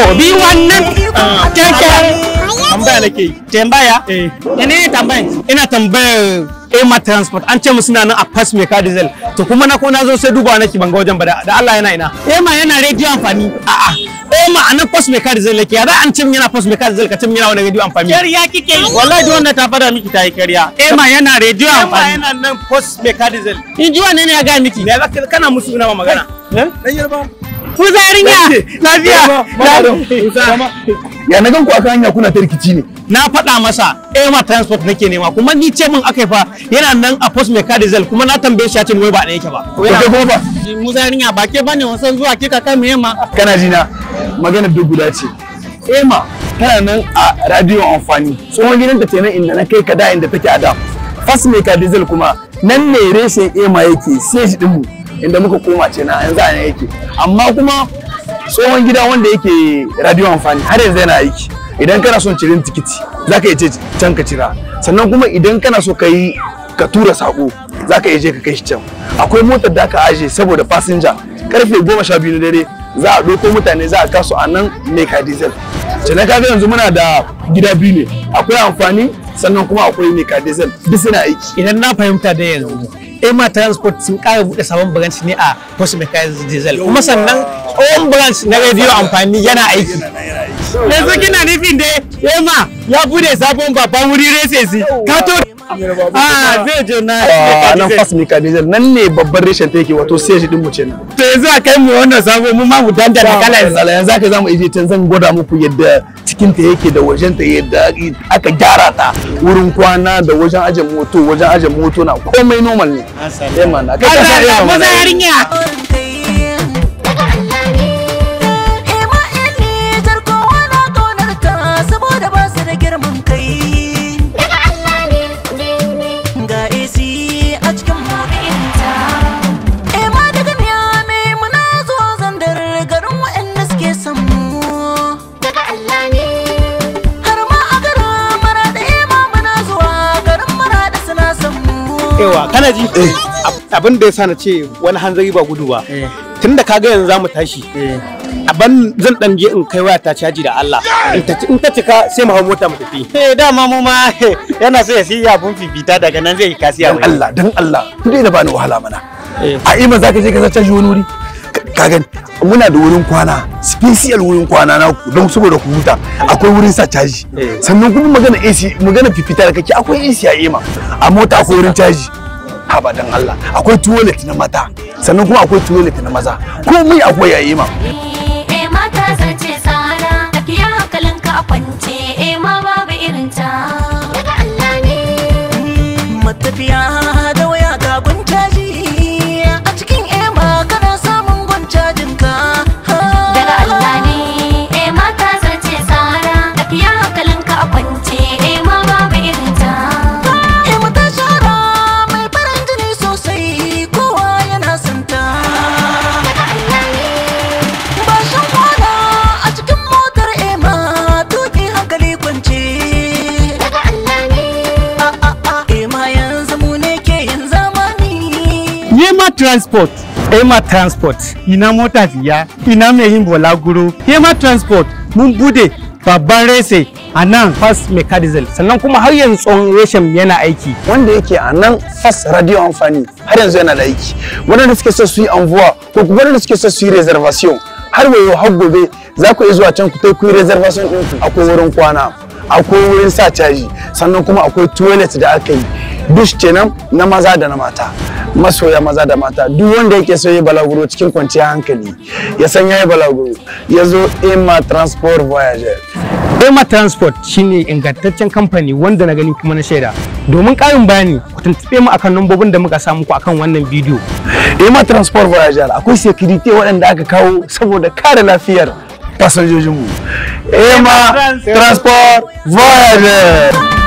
to bi wannan ah. kyankyan tambaya nake tambaya eh ne tambaya ina tambayar ema transport an ce mu suna nan a pass meka diesel to kuma na ko na zo sai dubawa nake banga wajen bada da Allah yana ina ema yana radio amfani a a ema anan pass meka diesel yake ya an ce yana pass meka diesel ka ce yana wani radio amfani kariya kike yi wallahi duk wanda ta fada miki ta yi kariya ema yana radio amfani ema yana nan pass meka diesel in ji wane ne ya ga miki ne kana musu ina magana eh dan yarba Kusa yarinya lafiya ya na gan ku akan hanya kuna ta rikici ne na faɗa masa ema eh, transport nake nema kuma ni ce min akai fa yana nan a post mai diesel kuma na tambaye shi a ce wai ba da yake ba ko kai kuma ba Musa yarinya ba ke bane wasan zuwa kika kan mu eh, ma kana ji na magana duk guda ce ema eh, tana nan a radio amfani tsohon gidan ta nan inda na kai ka da inda take a da post mai diesel kuma nan ne reshen ema yake sai shi mu inda muka koma ce na yanzu a yake amma kuma tsohon gida wanda yake radio amfani har yanzu yana aiki idan kana son cirin tikiti za ka iya can ka cira sannan kuma idan kana so ka yi ka tura sako za ka iya ka kai shi can akwai motar da aka aje saboda fasinja karfe goma sha biyu na dare za a ɗauko mutane za a kasu a nan ka diesel sannan kaga yanzu muna da gida biyu ne akwai amfani sannan kuma akwai ka diesel duk suna aiki idan na fahimta da yanzu ema transport sun ƙara buɗe sabon branch ne a post mechanics diesel kuma sannan tsohon branch na radio amfani yana aiki yanzu kina nufin da ema ya buɗe sabon babban wuri resesi to. a ah, zai je na ah, nan fas mai kadizar nan ne babban reshen ta yake wato sai shi din mu ce yanzu a kai mu wannan sabo mu ma mu dandana kala yanzu yanzu aka zamu ije can zan gwada muku yadda cikin ta yake da wajen ta yadda aka gyara ta wurin kwana da wajen aje moto wajen aje moto na komai normal ne eh mana kai ka yarinya yawa kana ji eh. abin da ya sa na ce wani hanzari ba gudu ba eh. tun da kaga yanzu za mu tashi eh. aban zan dan je in kai waya ta caji da Allah in ta cika sai mu hawo mota mu tafi eh dama mu ma yana so ya siya abun fifita daga nan zai kasiya mai Allah dan Allah ku dai da bani wahala mana a ima zaka je ka zaci wani wuri kagan muna da wurin kwana special wurin kwana na ku don saboda ku huta akwai wurin sa caji eh. sannan kuma magana AC magana fifita da kake akwai AC a ema a mota akwai wurin caji abadan Allah akwai toilet na mata sannan kuma akwai toilet na maza komai akwai a ema Hema Transport. Hema Transport. Ina mota ya ina mai yin balaguro. Hema Transport mun bude babban rese a nan fast mechanism sannan kuma har yanzu tsohon reshen yana aiki wanda yake a nan fast radio amfani har yanzu yana da aiki waɗanda suke so su yi anvuwa ko waɗanda suke so su yi reservation har yau har gobe za ku iya zuwa can ku kai ku yi reservation ɗinku akwai wurin kwana akwai wurin sa caji sannan kuma akwai toilet da aka yi dush kenan na maza da na mata masoya maza da mata duk wanda yake so yi balaguro cikin kwanciyar hankali ya san yayi balaguro ya zo ema transport voyager ema transport shine ingantaccen kamfani wanda na gani kuma na shaida domin ƙarin bayani ku tuntuɓe mu akan nambobin da muka samu ku akan wannan bidiyo ema transport voyager akwai security waɗanda aka kawo saboda kare lafiyar fasinjojinmu ema transport voyager